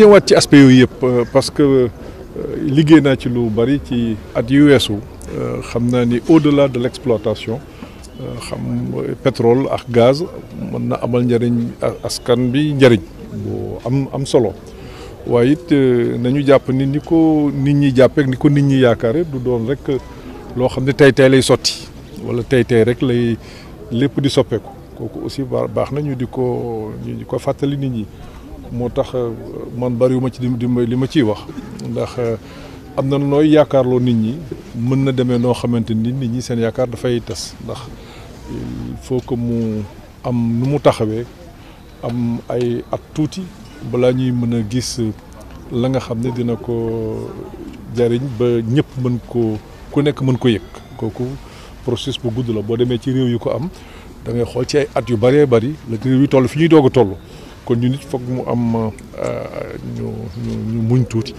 ñëwaat ci aspect yooyu yëpp euh, parce que euh, liggéey naa ci lu bari ci at yu weesu euh, xam naa ni au la de l'exploitation xam pétrole ak gaz mën na amal njariñ askan bi njariñ bu am am solo waaye it nañu jàpp ni ni ko nit ñi jàppeek ni ko nit ñi yaakaare du doon rek loo xam ne tey tey lay sotti wala tey tey rek lay lépp di soppeeku kooku aussi baax na ñu di ko ñu di ko fàttali nit ñi moo tax euh, man bariwuma ci li ma ciy wax ndax euh, am na nooy yaakaarloo nit ñi mën na demee noo xamante ni nit ñi seen yaakaar dafay tas ndax il ko mu am nu mu taxawee am ay at tuuti balaa ñuy mën a gis la nga xam ne dina ko jariñ ba ñëpp mën ko ku nekk mën ko yëg kooku processus bu gudd la boo demee ci réew yi ko am da ngay xool ci ay at yu baree bari la réew yi toll fi ñuy doog a toll kon ñu mu am euh, ñu ñu muñ tuuti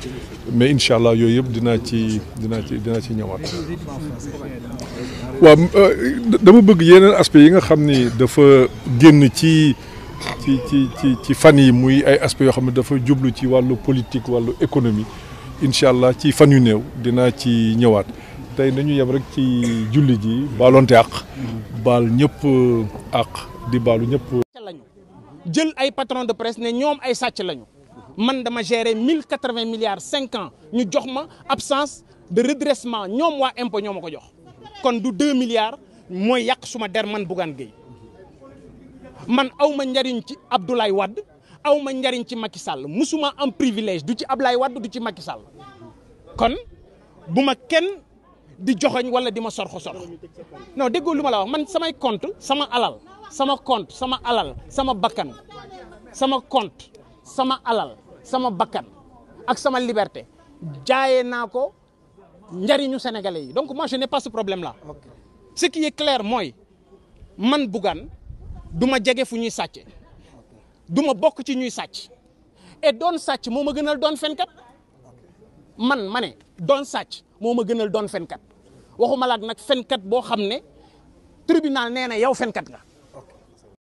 mais incha allah yooyu yëpp dinaa ci dinaa ci dinaa ci ñëwaat. waaw euh, dama bëgg yeneen aspect yi nga xam ni dafa génn ci ci ci ci fan yi muy ay aspects yoo xam ne dafa jublu ci wàllu politique wàllu économie incha allah ci fan yu néew dinaa ci ñëwaat tey nañu yem rek ci julli ji baalonte àq baal ñëpp euh, àq di baalu ñëpp. jël ay patron de presse né ñom ay satch lañu man dama gérer 1080 milliards cinq ans ñu jox ma absence de redressement ñom wa impôt ñoo ko jox kon du deux milliards moy yak suma der man Bougane gey man awma ndariñ ci Abdoulaye Wade awma ndariñ ci Macky Sall musuma am privilège du ci Abdoulaye Wade du ci Macky Sall kon buma ma kenn di joxagne wala dima ma sorxo sorxo non déggoo luma ma la wax man samay compte sama alal sama compte sama alal sama bakan sama compte sama alal sama bakan ak sama liberté jaayee nako ko njariñu sénégalais yi donc moi je n'ai pas ce problème là ce qui est clair moy man bougan, du ma fuñuy fu duma bok ma ci ñuy et donne sache, moma gënal fenkat man mané ne doon moma don gënal fenkat waxuma laak nak fenkat bo xam tribunal néna na yow fenkat nga